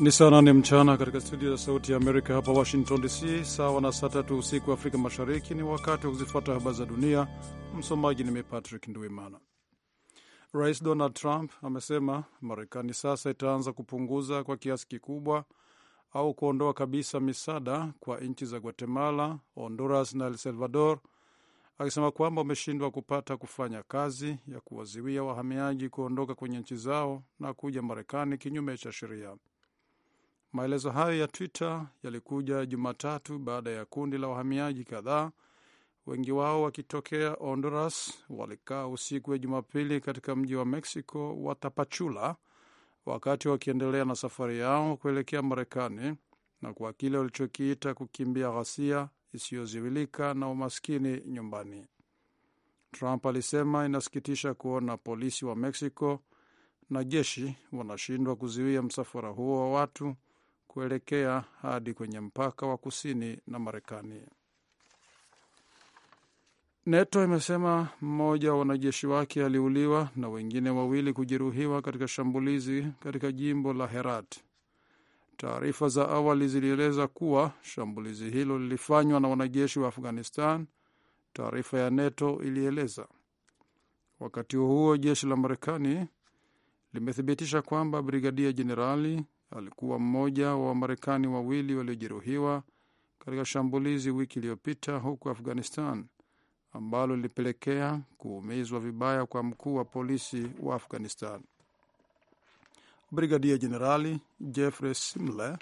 Ni saa nane mchana katika studio za Sauti ya Amerika hapa Washington DC, sawa na saa tatu usiku Afrika Mashariki. Ni wakati wa kuzifuata habari za dunia. Msomaji ni mimi Patrick Nduimana. Rais Donald Trump amesema Marekani sasa itaanza kupunguza kwa kiasi kikubwa au kuondoa kabisa misaada kwa nchi za Guatemala, Honduras na el Salvador, akisema kwamba wameshindwa kupata kufanya kazi ya kuwaziwia wahamiaji kuondoka kwenye nchi zao na kuja Marekani kinyume cha sheria. Maelezo hayo ya Twitter yalikuja Jumatatu baada ya kundi la wahamiaji kadhaa, wengi wao wakitokea Honduras, walikaa usiku ya Jumapili katika mji wa Mexico wa Tapachula wakati wakiendelea na safari yao kuelekea Marekani na kwa kile walichokiita kukimbia ghasia isiyoziwilika na umaskini nyumbani. Trump alisema inasikitisha kuona polisi wa Mexico na jeshi wanashindwa kuzuia msafara huo wa watu kuelekea hadi kwenye mpaka wa kusini na Marekani. NATO imesema mmoja wa wanajeshi wake aliuliwa na wengine wawili kujeruhiwa katika shambulizi katika jimbo la Herat. Taarifa za awali zilieleza kuwa shambulizi hilo lilifanywa na wanajeshi wa Afghanistan, taarifa ya NATO ilieleza. Wakati huo huo, jeshi la Marekani limethibitisha kwamba brigadia jenerali alikuwa mmoja wa Wamarekani wawili waliojeruhiwa katika shambulizi wiki iliyopita huko Afghanistan ambalo lilipelekea kuumizwa vibaya kwa mkuu wa polisi wa Afghanistan. Brigadia Jenerali Jeffrey Simle,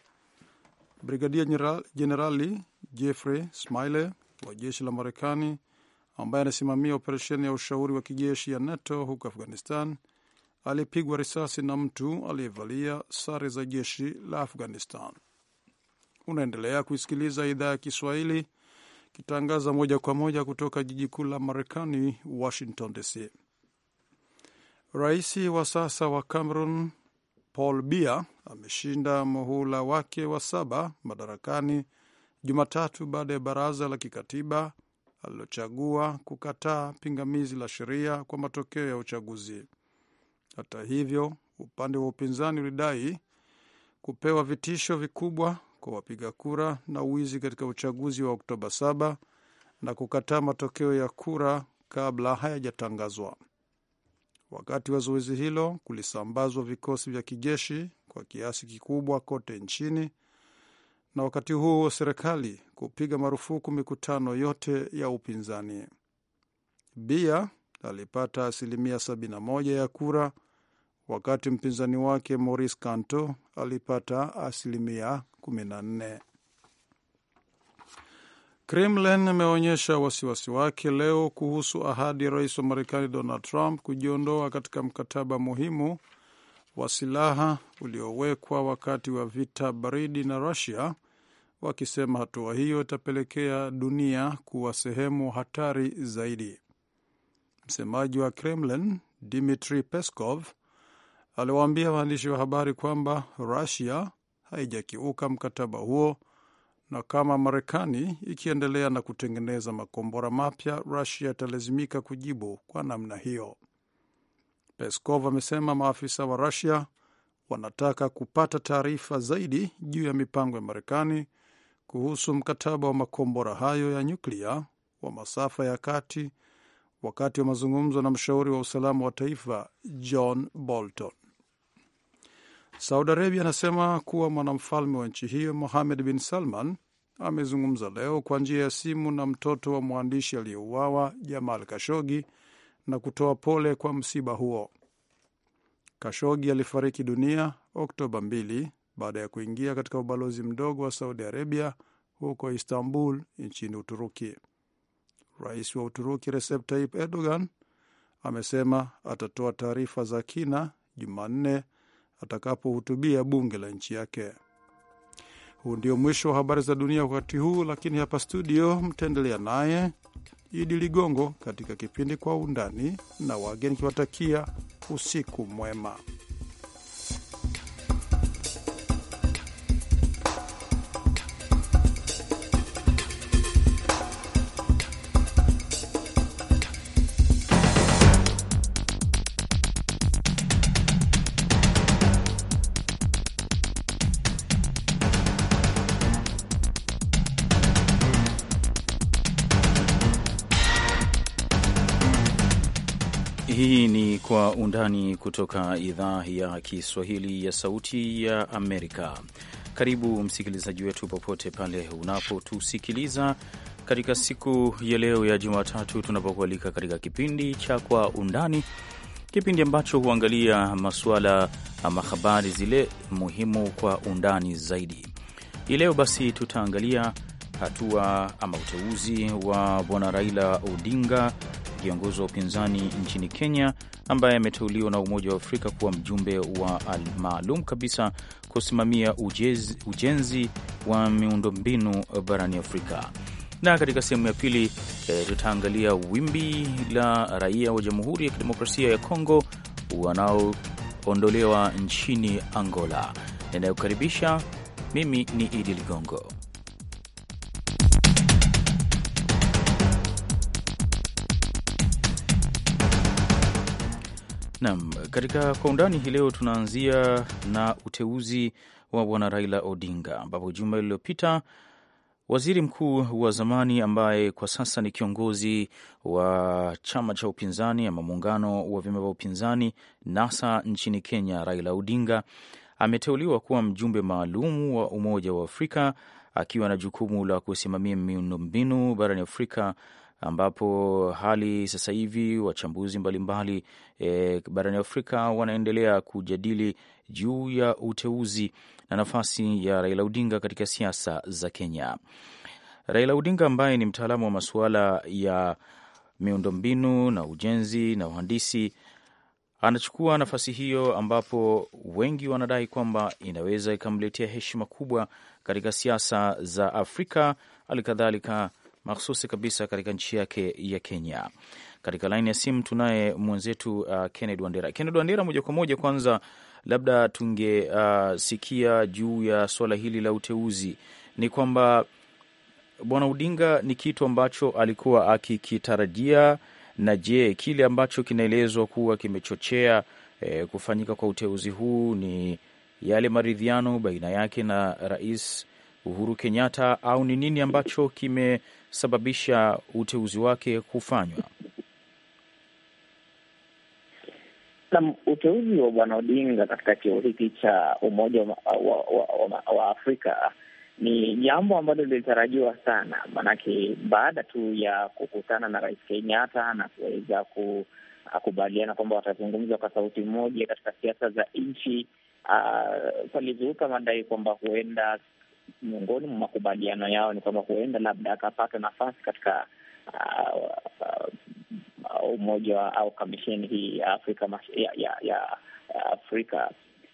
Brigadia Jenerali Jeffrey Smile wa jeshi la Marekani ambaye anasimamia operesheni ya ushauri wa kijeshi ya NATO huko Afghanistan alipigwa risasi na mtu aliyevalia sare za jeshi la Afghanistan. Unaendelea kuisikiliza idhaa ya Kiswahili kitangaza moja kwa moja kutoka jiji kuu la Marekani, Washington DC. Rais wa sasa wa Cameroon Paul Biya ameshinda muhula wake wa saba madarakani Jumatatu baada ya baraza la kikatiba alilochagua kukataa pingamizi la sheria kwa matokeo ya uchaguzi. Hata hivyo, upande wa upinzani ulidai kupewa vitisho vikubwa kwa wapiga kura na wizi katika uchaguzi wa Oktoba 7 na kukataa matokeo ya kura kabla hayajatangazwa. Wakati wa zoezi hilo, kulisambazwa vikosi vya kijeshi kwa kiasi kikubwa kote nchini, na wakati huo serikali kupiga marufuku mikutano yote ya upinzani. Bia alipata asilimia 71 ya kura wakati mpinzani wake Maurice Kanto alipata asilimia 14. Kremlin imeonyesha wasiwasi wake leo kuhusu ahadi ya rais wa Marekani Donald Trump kujiondoa katika mkataba muhimu wa silaha uliowekwa wakati wa vita baridi na Rusia, wakisema hatua hiyo itapelekea dunia kuwa sehemu hatari zaidi. Msemaji wa Kremlin Dmitri Peskov aliwaambia waandishi wa habari kwamba Rusia haijakiuka mkataba huo, na kama Marekani ikiendelea na kutengeneza makombora mapya, Rusia italazimika kujibu kwa namna hiyo. Peskov amesema maafisa wa Rusia wanataka kupata taarifa zaidi juu ya mipango ya Marekani kuhusu mkataba wa makombora hayo ya nyuklia wa masafa ya kati wakati wa mazungumzo na mshauri wa usalama wa taifa John Bolton. Saudi Arabia anasema kuwa mwanamfalme wa nchi hiyo Mohamed bin Salman amezungumza leo kwa njia ya simu na mtoto wa mwandishi aliyeuawa Jamal Kashogi na kutoa pole kwa msiba huo. Kashogi alifariki dunia Oktoba 2 baada ya kuingia katika ubalozi mdogo wa Saudi Arabia huko Istanbul nchini Uturuki. Rais wa Uturuki Recep Tayyip Erdogan amesema atatoa taarifa za kina Jumanne atakapohutubia bunge la nchi yake. Huu ndio mwisho wa habari za dunia wakati huu, lakini hapa studio mtaendelea naye Idi Ligongo katika kipindi Kwa Undani, na wageni kiwatakia usiku mwema. undani kutoka idhaa ya Kiswahili ya Sauti ya Amerika. Karibu msikilizaji wetu popote pale unapotusikiliza katika siku ya leo ya Jumatatu, tunapokualika katika kipindi cha Kwa Undani, kipindi ambacho huangalia masuala ama habari zile muhimu kwa undani zaidi. Hii leo basi tutaangalia hatua ama uteuzi wa bwana Raila Odinga, kiongozi wa upinzani nchini Kenya, ambaye ameteuliwa na Umoja wa Afrika kuwa mjumbe wa maalum kabisa kusimamia ujenzi wa miundombinu barani Afrika. Na katika sehemu ya pili eh, tutaangalia wimbi la raia wa Jamhuri ya Kidemokrasia ya Kongo wanaoondolewa nchini Angola. Ninayokaribisha mimi ni Idi Ligongo. Nam, katika kwa undani hii leo tunaanzia na uteuzi wa bwana Raila Odinga, ambapo juma lililopita waziri mkuu wa zamani ambaye kwa sasa ni kiongozi wa chama cha upinzani ama muungano wa vyama vya upinzani NASA nchini Kenya, Raila Odinga ameteuliwa kuwa mjumbe maalum wa Umoja wa Afrika akiwa na jukumu la kusimamia miundombinu barani Afrika ambapo hali sasa hivi wachambuzi mbalimbali e, barani Afrika wanaendelea kujadili juu ya uteuzi na nafasi ya Raila Odinga katika siasa za Kenya. Raila Odinga ambaye ni mtaalamu wa masuala ya miundombinu na ujenzi na uhandisi anachukua nafasi hiyo ambapo wengi wanadai kwamba inaweza ikamletea heshima kubwa katika siasa za Afrika, halikadhalika mahususi kabisa katika nchi yake ya Kenya. Katika laini ya simu tunaye mwenzetu uh, Kennedy Wandera. Kennedy Wandera, moja kwa moja, kwanza labda tungesikia uh, juu ya swala hili la uteuzi, ni kwamba bwana Odinga ni kitu ambacho alikuwa akikitarajia, na je, kile ambacho kinaelezwa kuwa kimechochea eh, kufanyika kwa uteuzi huu ni yale maridhiano baina yake na rais Uhuru Kenyatta au ni nini ambacho kimesababisha uteuzi wake kufanywa? Naam, uteuzi wa bwana Odinga katika kioo hiki cha Umoja wa, wa, wa, wa, wa Afrika ni jambo ambalo lilitarajiwa sana, maanake baada tu ya kukutana na Rais Kenyatta na kuweza kukubaliana kwamba watazungumza kwa sauti moja katika siasa za nchi, palizuuka ah, palizuka madai kwamba huenda miongoni mwa makubaliano yao ni kwamba huenda labda akapata nafasi katika uh, uh, uh, au kamisheni hii ya Afrika ya, ya, ya Afrika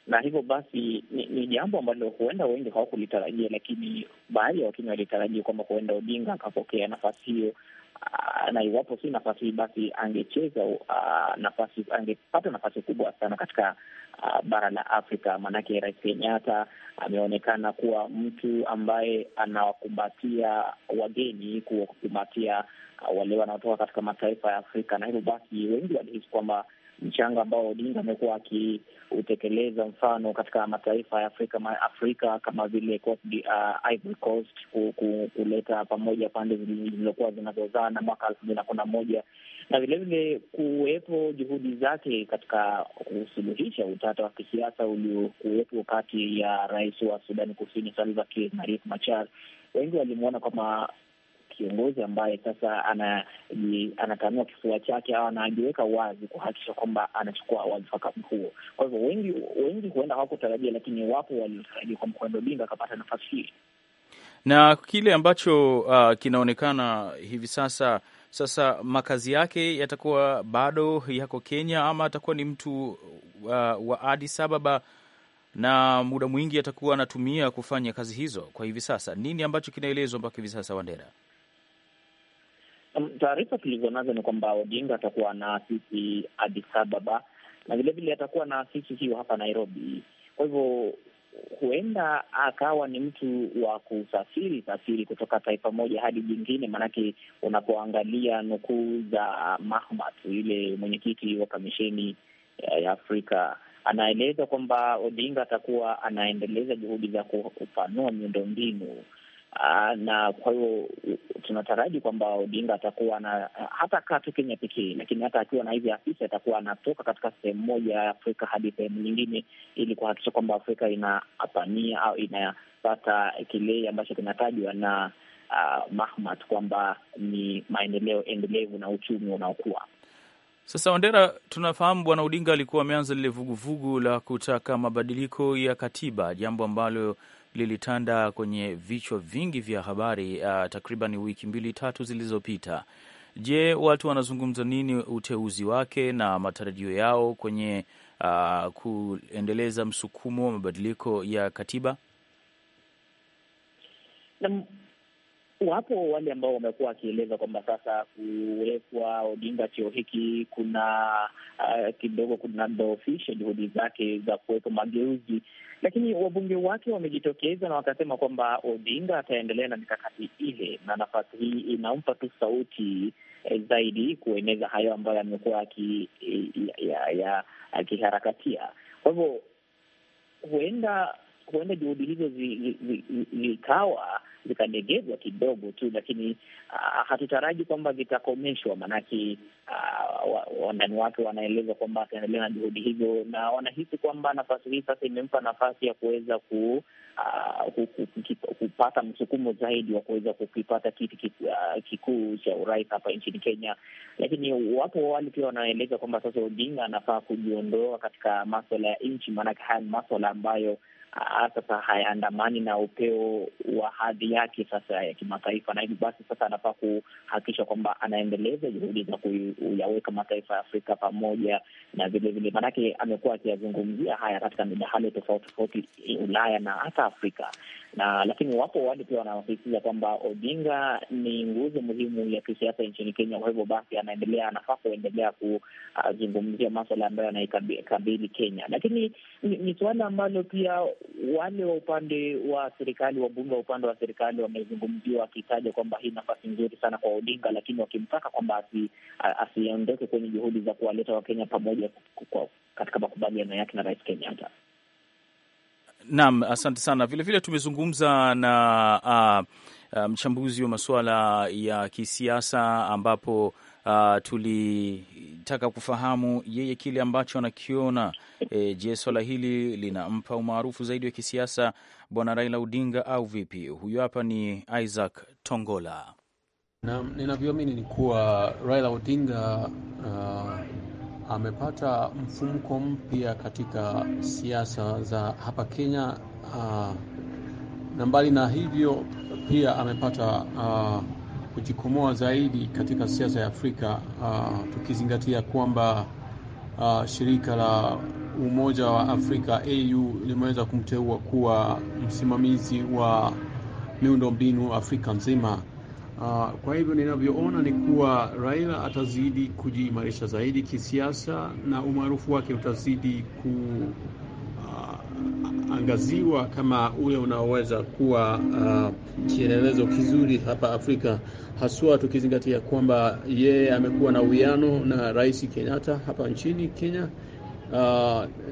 na hivyo basi ni, ni jambo ambalo huenda wengi hawakulitarajia, lakini baadhi ya Wakenya walitarajia kwamba huenda Odinga akapokea nafasi hiyo Ah, na iwapo si nafasi hii basi angecheza ah, nafasi, angepata nafasi kubwa sana katika uh, bara la Afrika. Maanake Rais Kenyatta ameonekana kuwa mtu ambaye anawakumbatia wageni, kuwakumbatia uh, wale wanaotoka katika mataifa ya Afrika, na hivyo basi wengi walihisi kwamba mchango ambao Odinga amekuwa akiutekeleza, mfano katika mataifa ya Afrika Afrika kama vile uh, Ivory Coast ku, ku, kuleta pamoja pande zilizokuwa zinazozana mwaka elfu mbili na kumi na moja na vilevile kuwepo juhudi zake katika kusuluhisha utata wa kisiasa uliokuwepo kati ya rais wa Sudani Kusini Salva Kiir na Riek Machar. Wengi walimwona kama kiongozi ambaye sasa anatanua kifua chake au anajiweka wazi kuhakikisha kwamba anachukua wadhifa kama huo. Kwa hivyo wengi wengi huenda hawakutarajia, lakini wapo waliotarajia kwamba kwamba Odinga akapata nafasi hii na kile ambacho uh, kinaonekana hivi sasa. Sasa makazi yake yatakuwa bado yako Kenya ama atakuwa ni mtu uh, wa Addis Ababa na muda mwingi atakuwa anatumia kufanya kazi hizo. Kwa hivi sasa, nini ambacho kinaelezwa mpaka hivi sasa, Wandera? Taarifa tulizo nazo ni kwamba Odinga atakuwa na afisi Addis Ababa na vilevile atakuwa na afisi hiyo hapa Nairobi. Kwa hivyo huenda akawa ni mtu wa kusafiri safiri kutoka taifa moja hadi jingine, maanake unapoangalia nukuu za Mahmat, yule mwenyekiti wa kamisheni eh, ya Afrika, anaeleza kwamba Odinga atakuwa anaendeleza juhudi za kupanua miundombinu Ah, na kwa hiyo tunataraji kwamba Odinga atakuwa na hata kaa tu Kenya pekee, lakini hata akiwa na hivi afisi atakuwa anatoka katika sehemu moja ya Afrika hadi sehemu nyingine, ili kuhakikisha kwamba Afrika inapania au inapata kile ambacho kinatajwa na uh, ah, Mahmat kwamba ni maendeleo endelevu na uchumi unaokuwa sasa Wandera, tunafahamu bwana Odinga alikuwa ameanza lile vuguvugu la kutaka mabadiliko ya katiba, jambo ambalo lilitanda kwenye vichwa vingi vya habari uh, takriban wiki mbili tatu zilizopita. Je, watu wanazungumza nini uteuzi wake na matarajio yao kwenye uh, kuendeleza msukumo wa mabadiliko ya katiba? Wapo wale ambao wamekuwa wakieleza kwamba sasa kuwekwa Odinga cheo hiki kuna uh, kidogo kunadhoofisha juhudi zake za kuwepo mageuzi, lakini wabunge wake wamejitokeza na wakasema kwamba Odinga ataendelea na mikakati ile, na nafasi hii inampa tu sauti eh, zaidi kueneza hayo ambayo amekuwa eh, akiharakatia. Kwa hivyo huenda huenda juhudi hizo zikawa zi, zi, zi, zi vikadegezwa kidogo tu, lakini uh, hatutaraji kwamba vitakomeshwa, maanake uh, ah, wandani wake wanaeleza kwamba ataendelea na juhudi hivyo, na wanahisi kwamba nafasi hii sasa imempa nafasi ya kuweza ku, uh, kupata msukumo zaidi wa kuweza kukipata kiti uh, kikuu cha urais hapa nchini Kenya. Lakini wapo wale pia wanaeleza kwamba sasa Odinga anafaa kujiondoa katika maswala ya nchi, maanake haya ni maswala ambayo Ah, sasa hayaandamani na upeo wa hadhi yake sasa ya kimataifa, na hivyo basi sasa anafaa kuhakikisha kwamba anaendeleza juhudi za kuyaweka mataifa ya Afrika pamoja na vilevile, maanake amekuwa akiyazungumzia haya katika midahalo tofauti tofauti Ulaya na hata Afrika na lakini wapo wale pia wanasisitiza kwamba Odinga ni nguzo muhimu ya kisiasa nchini Kenya. Kwa hivyo basi, anaendelea anafaa kuendelea kuzungumzia maswala ambayo anaikabili Kenya, lakini ni suala ambalo pia wale wa upande wa serikali, wabunge wa upande wa serikali wamezungumziwa wakitaja kwamba hii nafasi nzuri sana kwa Odinga, lakini wakimtaka kwamba asiondoke kwenye juhudi za kuwaleta Wakenya pamoja katika makubaliano yake na Rais Kenyatta. Naam, asante sana. Vilevile tumezungumza na uh, mchambuzi wa masuala ya kisiasa ambapo uh, tulitaka kufahamu yeye kile ambacho anakiona. E, je, swala hili linampa umaarufu zaidi wa kisiasa bwana Raila Odinga au vipi? Huyu hapa ni Isaac Tongola. na ninavyoamini ni kuwa Raila Odinga uh, amepata mfumko mpya katika siasa za hapa Kenya uh, na mbali na hivyo pia amepata uh, kujikomoa zaidi katika siasa ya Afrika uh, tukizingatia kwamba uh, shirika la Umoja wa Afrika AU limeweza kumteua kuwa msimamizi wa miundombinu Afrika nzima. Uh, kwa hivyo ninavyoona ni kuwa Raila atazidi kujiimarisha zaidi kisiasa na umaarufu wake utazidi ku unaangaziwa kama ule unaoweza kuwa uh, kielelezo kizuri hapa Afrika, haswa tukizingatia kwamba yeye amekuwa na uwiano na Rais Kenyatta hapa nchini Kenya. Uh,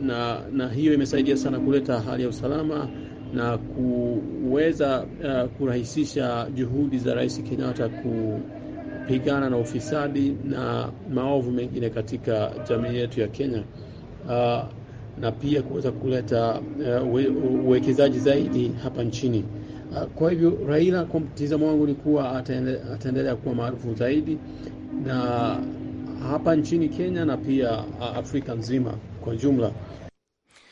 na, na hiyo imesaidia sana kuleta hali ya usalama na kuweza uh, kurahisisha juhudi za Rais Kenyatta kupigana na ufisadi na maovu mengine katika jamii yetu ya Kenya. Uh, na pia kuweza kuleta eh, uwekezaji uh, zaidi hapa nchini. Uh, kwa hivyo Raila kwa mtizamo wangu ni kuwa ataendelea kuwa maarufu zaidi na hapa nchini Kenya na pia ah, Afrika nzima kwa jumla.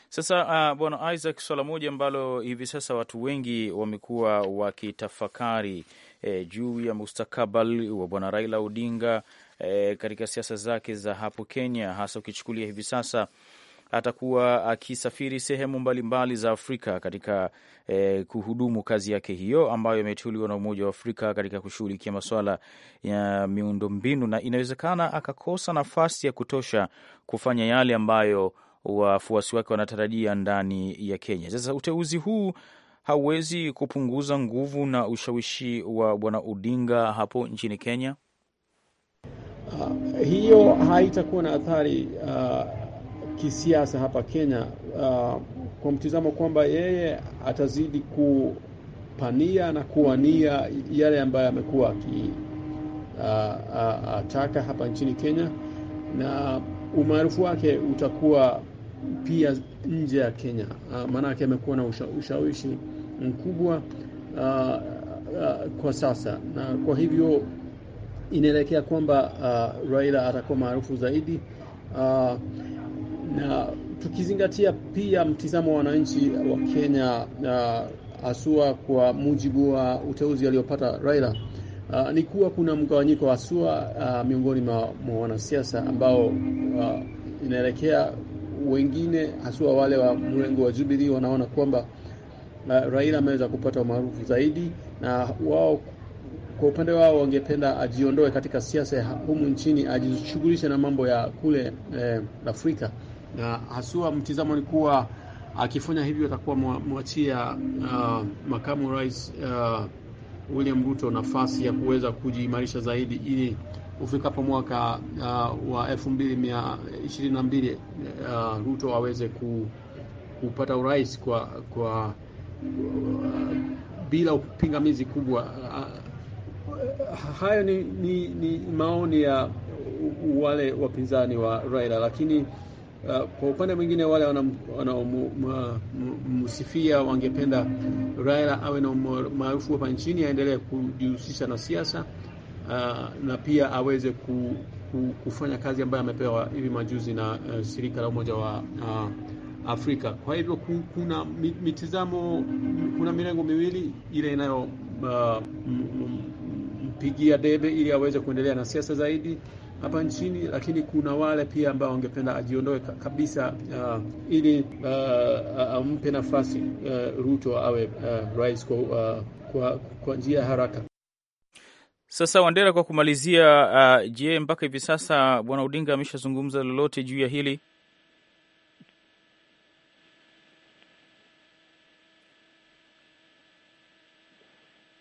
Sasa uh, bwana Isaac, swala moja ambalo hivi sasa watu wengi wamekuwa wakitafakari eh, juu ya mustakabali wa bwana Raila Odinga eh, katika siasa zake za hapo Kenya, hasa ukichukulia hivi sasa atakuwa akisafiri sehemu mbalimbali za Afrika katika eh, kuhudumu kazi yake hiyo ambayo imeteuliwa na Umoja wa Afrika katika kushughulikia masuala ya miundombinu, na inawezekana akakosa nafasi ya kutosha kufanya yale ambayo wafuasi wake wanatarajia ndani ya Kenya. Sasa uteuzi huu hauwezi kupunguza nguvu na ushawishi wa Bwana Odinga hapo nchini Kenya. Uh, hiyo haitakuwa na athari uh, kisiasa hapa Kenya uh, kwa mtizamo kwamba yeye atazidi kupania na kuwania yale ambayo amekuwa akitaka uh, uh, hapa nchini Kenya na umaarufu wake utakuwa pia nje ya Kenya. Uh, maanake amekuwa na usha, ushawishi mkubwa uh, uh, kwa sasa, na kwa hivyo inaelekea kwamba uh, Raila atakuwa maarufu zaidi uh, na tukizingatia pia mtizamo wa wananchi wa Kenya haswa kwa mujibu wa uteuzi aliopata Raila uh, ni kuwa kuna mgawanyiko wa haswa uh, miongoni mwa wanasiasa ambao uh, inaelekea wengine haswa wale wa mrengo wa Jubilee wanaona kwamba uh, Raila ameweza kupata umaarufu zaidi na wao kwa upande wao wangependa ajiondoe katika siasa ya humu nchini, ajishughulishe na mambo ya kule eh, Afrika na hasua mtizamo ni kuwa akifanya hivyo atakuwa mwachia uh, makamu rais uh, William Ruto nafasi ya kuweza kujiimarisha zaidi ili ufikapo mwaka uh, wa 2022 uh, Ruto aweze ku, kupata urais kwa, kwa uh, bila upingamizi kubwa uh, hayo ni, ni, ni maoni ya wale wapinzani wa Raila lakini Uh, kwa upande mwingine wale wanaomsifia wana wangependa Raila awe na maarufu hapa nchini, aendelee kujihusisha na siasa uh, na pia aweze ku, ku, kufanya kazi ambayo amepewa hivi majuzi na uh, shirika la Umoja wa uh, Afrika. Kwa hivyo kuna mitizamo, kuna mirengo miwili, ile inayo uh, mpigia debe ili aweze kuendelea na siasa zaidi hapa nchini, lakini kuna wale pia ambao wangependa ajiondoe kabisa, uh, ili ampe uh, ampe nafasi uh, Ruto awe uh, rais kwa, uh, kwa, kwa njia ya haraka. Sasa Wandera, kwa kumalizia, uh, je, mpaka hivi sasa bwana Odinga ameshazungumza lolote juu ya hili?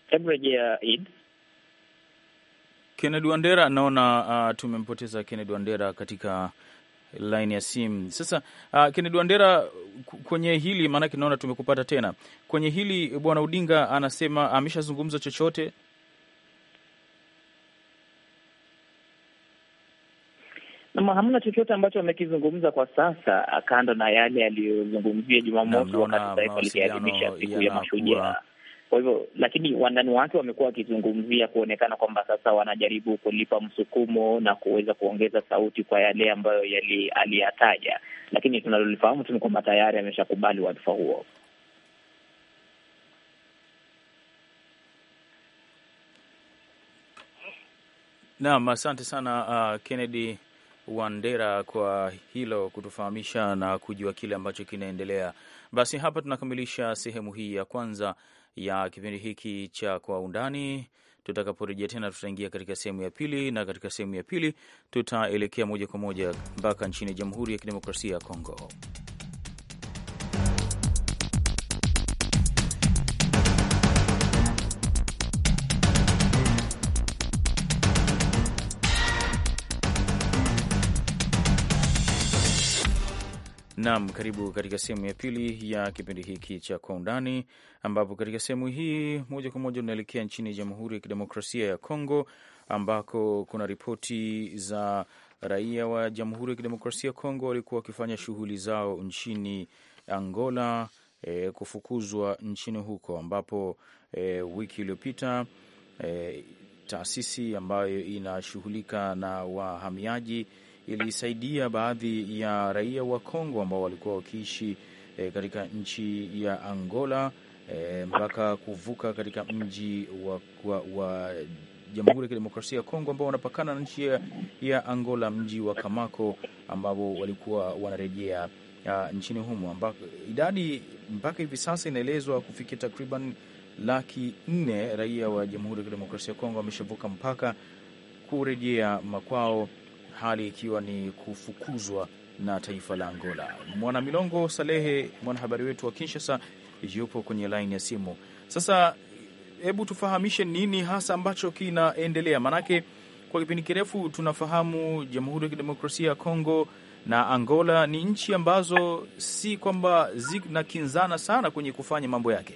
Hebu rejea Id. Kennedy Wandera. Naona uh, tumempoteza Kennedy Wandera katika laini ya simu sasa. Uh, Kennedy Wandera, kwenye hili maanake naona tumekupata tena kwenye hili. Bwana Odinga anasema ameshazungumza chochote hamna chochote ambacho amekizungumza kwa sasa, kando na yale aliyozungumzia Jumamosi wakati taifa likiadhimisha siku ya mashujaa. Kwa hivyo, lakini wandani wake wamekuwa wakizungumzia kuonekana kwamba sasa wanajaribu kulipa msukumo na kuweza kuongeza sauti kwa yale ambayo aliyataja, lakini tunalolifahamu tu ni kwamba tayari ameshakubali wadhifa huo. Naam, asante sana uh, Kennedy Wandera kwa hilo kutufahamisha na kujua kile ambacho kinaendelea. Basi hapa tunakamilisha sehemu hii ya kwanza ya kipindi hiki cha Kwa Undani. Tutakaporejea tena, tutaingia katika sehemu ya pili, na katika sehemu ya pili tutaelekea moja kwa moja mpaka nchini Jamhuri ya Kidemokrasia ya Kongo. Naam, karibu katika sehemu ya pili ya kipindi hiki cha Kwa Undani, ambapo katika sehemu hii moja kwa moja unaelekea nchini Jamhuri ya Kidemokrasia ya Kongo, ambako kuna ripoti za raia wa Jamhuri ya Kidemokrasia ya Kongo walikuwa wakifanya shughuli zao nchini Angola, e, kufukuzwa nchini huko, ambapo e, wiki iliyopita e, taasisi ambayo inashughulika na wahamiaji ilisaidia baadhi ya raia wa Kongo ambao walikuwa wakiishi e, katika nchi ya Angola e, mpaka kuvuka katika mji wa, wa, wa Jamhuri ya Kidemokrasia ya Kongo ambao wanapakana na nchi ya, ya Angola, mji wa Kamako ambao walikuwa wanarejea ah, nchini humo, ambako idadi mpaka hivi sasa inaelezwa kufikia takriban laki nne raia wa Jamhuri ya Kidemokrasia ya Kongo wameshavuka mpaka kurejea makwao hali ikiwa ni kufukuzwa na taifa la Angola. Mwanamilongo Salehe, mwanahabari wetu wa Kinshasa, yupo kwenye laini ya simu sasa. Hebu tufahamishe nini hasa ambacho kinaendelea, maanake kwa kipindi kirefu tunafahamu Jamhuri ya Kidemokrasia ya Kongo na Angola ni nchi ambazo si kwamba zinakinzana sana kwenye kufanya mambo yake.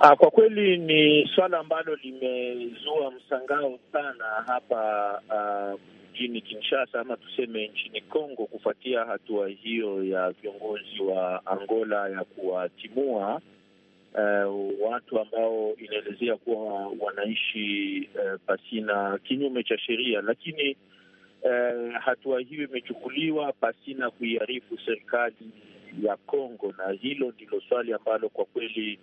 Aa, ah, kwa kweli ni swala ambalo limezua msangao sana hapa ah, mjini Kinshasa ama tuseme nchini Kongo kufuatia hatua hiyo ya viongozi wa Angola ya kuwatimua Uh, watu ambao inaelezea kuwa wanaishi uh, pasina kinyume cha sheria, lakini uh, hatua hiyo imechukuliwa pasina kuiarifu serikali ya Kongo, na hilo ndilo swali ambalo kwa kweli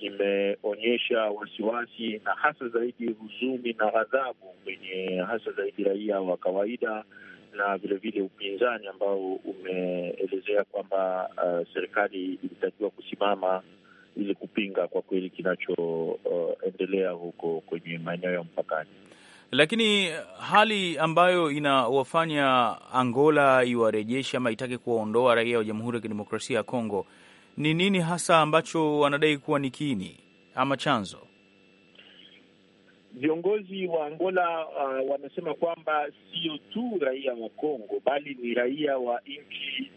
imeonyesha wasiwasi na hasa zaidi huzuni na ghadhabu kwenye hasa zaidi raia wa kawaida na vilevile upinzani ambao umeelezea kwamba uh, serikali ilitakiwa kusimama ili kupinga kwa kweli kinachoendelea uh, huko kwenye maeneo ya mpakani. Lakini hali ambayo inawafanya Angola iwarejeshe ama itake kuwaondoa raia wa Jamhuri ya Kidemokrasia ya Kongo ni nini hasa ambacho wanadai kuwa ni kiini ama chanzo? Viongozi wa Angola uh, wanasema kwamba sio tu raia wa Kongo bali ni raia wa nchi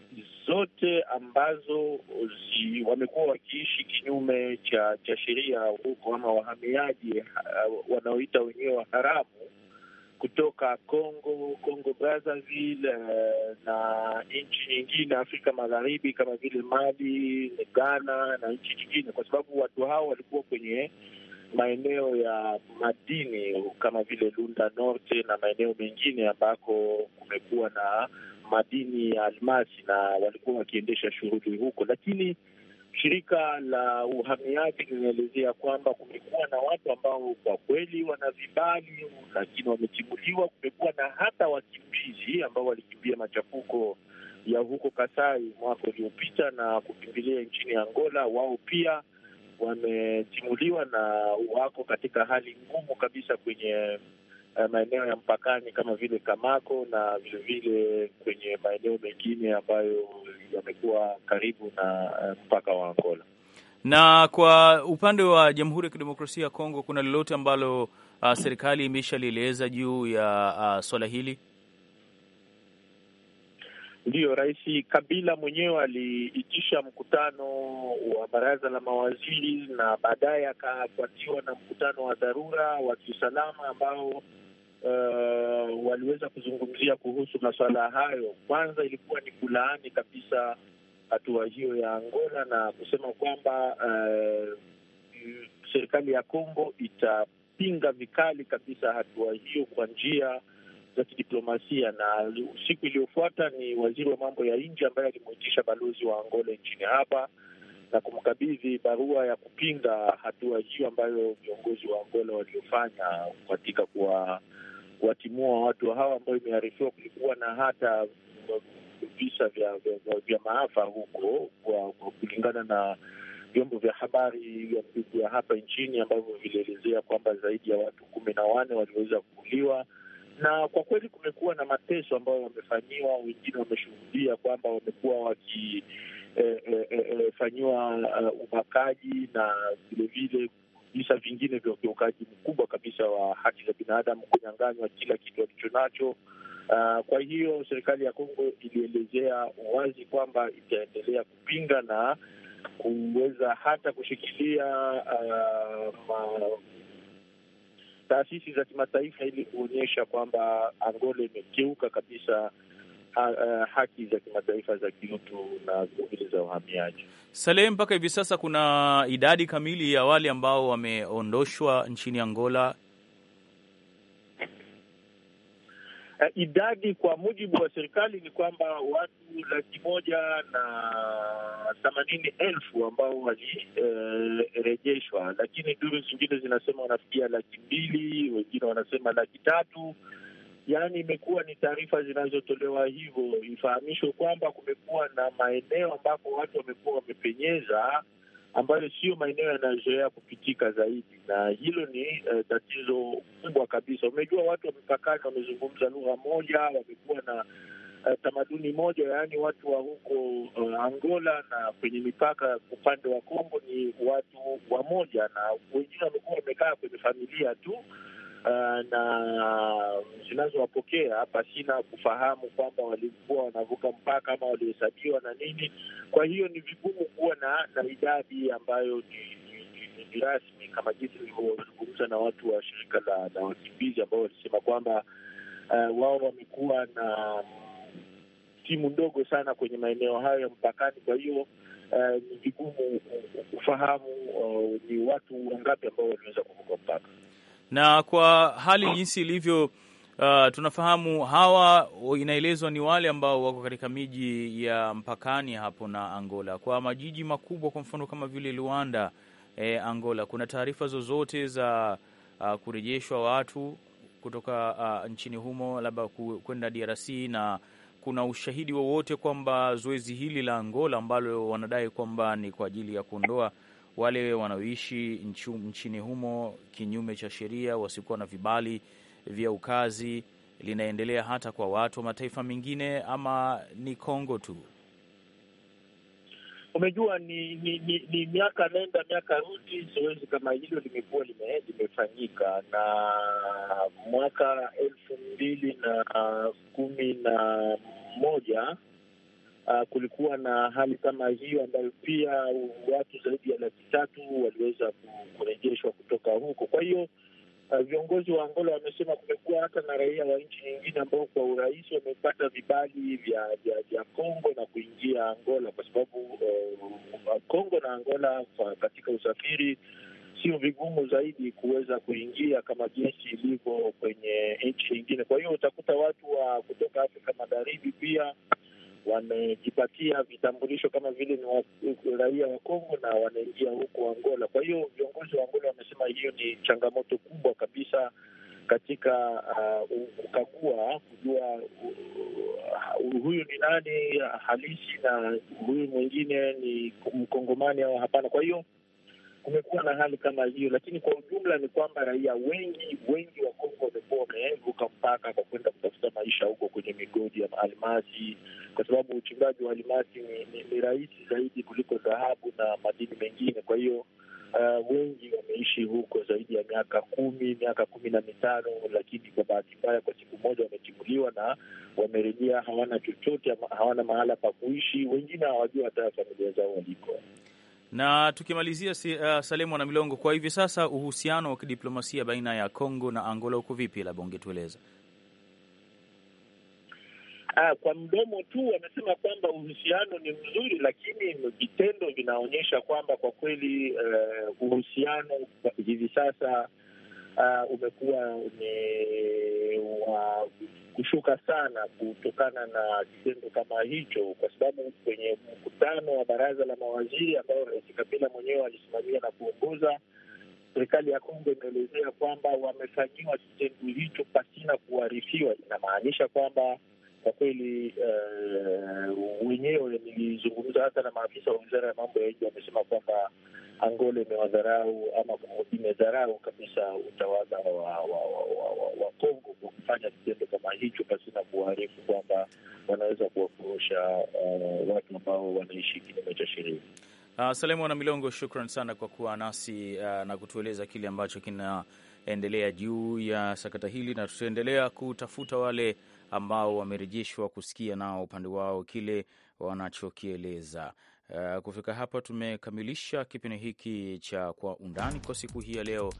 zote ambazo zi, wamekuwa wakiishi kinyume cha cha sheria huko, ama wahamiaji uh, wanaoita wenyewe wa haramu kutoka Congo, Congo Brazzaville eh, na nchi nyingine Afrika Magharibi kama vile Mali, Ghana na nchi nyingine, kwa sababu watu hao walikuwa kwenye maeneo ya madini kama vile Lunda Norte na maeneo mengine ambako kumekuwa na madini ya almasi na walikuwa wakiendesha shughuli huko, lakini Shirika la uhamiaji linaelezea kwamba kumekuwa na watu ambao kwa kweli wana vibali lakini wametimuliwa. Kumekuwa na hata wakimbizi ambao walikimbia machafuko ya huko Kasai mwaka uliopita na kukimbilia nchini Angola, wao pia wametimuliwa na wako katika hali ngumu kabisa kwenye uh, maeneo ya mpakani kama vile Kamako na vilevile kwenye maeneo mengine ambayo yamekuwa karibu na eh, mpaka wa Angola. Na kwa upande wa Jamhuri ya Kidemokrasia ya Kongo, kuna lolote ambalo uh, serikali imeshalieleza juu ya uh, swala hili? Ndiyo, Rais Kabila mwenyewe aliitisha mkutano wa baraza la mawaziri na baadaye akafuatiwa na mkutano wa dharura wa kiusalama ambao uh, waliweza kuzungumzia kuhusu masuala hayo. Kwanza ilikuwa ni kulaani kabisa hatua hiyo ya Angola na kusema kwamba uh, serikali ya Kongo itapinga vikali kabisa hatua hiyo kwa njia za kidiplomasia. Na siku iliyofuata ni waziri wa mambo ya nje ambaye alimwitisha balozi wa Angola nchini hapa na kumkabidhi barua ya kupinga hatua hiyo ambayo viongozi wa Angola waliofanya katika kuwa kuwatimua watu hawa ambao imearifiwa kulikuwa na hata uh, visa vya, vya, vya, vya maafa huko kwa, kwa kulingana na vyombo vya habari vya hapa nchini ambavyo vilielezea kwamba zaidi ya watu kumi na wane waliweza kuuliwa, na kwa kweli kumekuwa na mateso ambayo wamefanyiwa. Wengine wameshuhudia kwamba wamekuwa wakifanyiwa eh, eh, eh, e, e, e, uh, ubakaji na vilevile visa vingine vya ukiukaji mkubwa kabisa wa haki za binadamu, kunyang'anywa kila kitu alicho nacho. Uh, kwa hiyo serikali ya Kongo ilielezea wazi kwamba itaendelea kupinga na kuweza hata kushikilia uh, taasisi za kimataifa ili kuonyesha kwamba Angola imekiuka kabisa ha, uh, haki za kimataifa za kiutu na shughuli za uhamiaji. Salehe, mpaka hivi sasa kuna idadi kamili ya wale ambao wameondoshwa nchini Angola? Uh, idadi kwa mujibu wa serikali ni kwamba watu laki moja na themanini elfu ambao walirejeshwa, eh, uh, lakini duru zingine zinasema wanafikia laki mbili, wengine wanasema laki tatu Yaani imekuwa ni taarifa zinazotolewa hivyo, ifahamishwe kwamba kumekuwa na maeneo ambapo watu wamekuwa wamepenyeza ambayo sio maeneo yanayozoea kupitika zaidi, na hilo ni eh, tatizo kubwa kabisa. Umejua, watu wa mipakani wamezungumza lugha moja, wamekuwa na eh, tamaduni moja, yaani watu wa huko eh, Angola na kwenye mipaka upande wa Kongo ni watu wamoja, na wengine wamekuwa wamekaa kwenye familia tu Uh, na zinazowapokea pasina kufahamu kwamba walikuwa wanavuka mpaka ama walihesabiwa na nini. Kwa hiyo ni vigumu kuwa na, na idadi ambayo ni ni rasmi kama jinsi ilivyozungumza na watu wa shirika la, la wakimbizi ambao walisema kwamba uh, wao wamekuwa na timu ndogo sana kwenye maeneo hayo ya mpakani. Kwa hiyo uh, ni vigumu kufahamu uh, ni watu wangapi ambao waliweza kuvuka mpaka na kwa hali jinsi ilivyo, uh, tunafahamu hawa inaelezwa ni wale ambao wako katika miji ya mpakani hapo na Angola, kwa majiji makubwa, kwa mfano kama vile Luanda, eh, Angola. Kuna taarifa zozote za uh, kurejeshwa watu kutoka uh, nchini humo labda kwenda DRC na kuna ushahidi wowote kwamba zoezi hili la Angola ambalo wanadai kwamba ni kwa ajili ya kuondoa wale wanaoishi nchini humo kinyume cha sheria, wasikuwa na vibali vya ukazi, linaendelea hata kwa watu wa mataifa mengine, ama ni Kongo tu? Umejua, ni ni, ni ni miaka nenda miaka rudi, zoezi kama hilo limekuwa limefanyika na mwaka elfu mbili na kumi na moja uh, kulikuwa na hali kama hiyo ambayo pia watu zaidi ya laki tatu waliweza kurejeshwa kutoka huko. Kwa hiyo uh, viongozi wa Angola wamesema kumekuwa hata na raia wa nchi nyingine ambao kwa urahisi wamepata vibali vya vya vya Kongo na kuingia Angola kwa sababu uh, Kongo na Angola kwa katika usafiri sio vigumu zaidi kuweza kuingia kama jinsi ilivyo kwenye nchi nyingine. Kwa hiyo utakuta watu wa kutoka Afrika Magharibi pia wamejipatia vitambulisho kama vile ni raia wa Kongo na wanaingia huko Angola. Kwa hiyo viongozi wa Angola wamesema hiyo ni changamoto kubwa kabisa katika uh, kukagua kujua uh, uh, huyu ni nani halisi na huyu mwingine ni Mkongomani au hapana. Kwa hiyo kumekuwa na hali kama hiyo, lakini kwa ujumla ni kwamba raia wengi wengi wa Kongo wamekuwa wamevuka mpaka kwa kwenda kutafuta maisha huko kwenye migodi ya almasi, kwa sababu uchimbaji wa almasi ni, ni, ni rahisi zaidi kuliko dhahabu na madini mengine. Kwa hiyo uh, wengi wameishi huko zaidi ya miaka kumi, miaka kumi na mitano, lakini kwa bahati mbaya, kwa siku moja wametimuliwa na wamerejea, hawana chochote, hawana mahala pa kuishi. Wengine hawajua hata familia zao waliko. Na tukimalizia si, uh, Salemu na Milongo, kwa hivi sasa uhusiano wa kidiplomasia baina ya Kongo na Angola uko vipi? Labda ungetueleza. Ah, kwa mdomo tu wanasema kwamba uhusiano ni mzuri, lakini vitendo vinaonyesha kwamba kwa kweli uh, uhusiano hivi sasa uh, umekuwa wa kushuka sana kutokana na kitendo kama hicho, kwa sababu kwenye mkutano wa baraza la mawaziri ambao Rais Kabila mwenyewe alisimamia na kuongoza, serikali ya Kongo imeelezea kwamba wamefanyiwa kitendo hicho pasina kuarifiwa. Inamaanisha kwamba kwa kweli uh, wenyewe, nilizungumza hata na maafisa wa wizara ya mambo ya nje, wamesema kwamba Angola imewadharau ama imedharau kabisa utawala wa wa, wa, wa, wa Kongo kwa kufanya kitendo kama hicho, pasina kuwaarifu kwamba wanaweza kuwafurusha uh, watu ambao wanaishi kinyume cha sheria. Uh, Salemu na Milongo, shukran sana kwa kuwa nasi uh, na kutueleza kile ambacho kinaendelea juu ya sakata hili, na tutaendelea kutafuta wale ambao wamerejeshwa kusikia nao upande wao kile wanachokieleza. Eh, kufika hapa tumekamilisha kipindi hiki cha Kwa Undani kwa siku hii ya leo.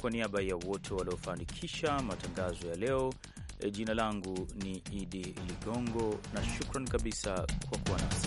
Kwa niaba ya wote waliofanikisha matangazo ya leo, eh, jina langu ni Idi Ligongo na shukran kabisa kwa kuwa nasi.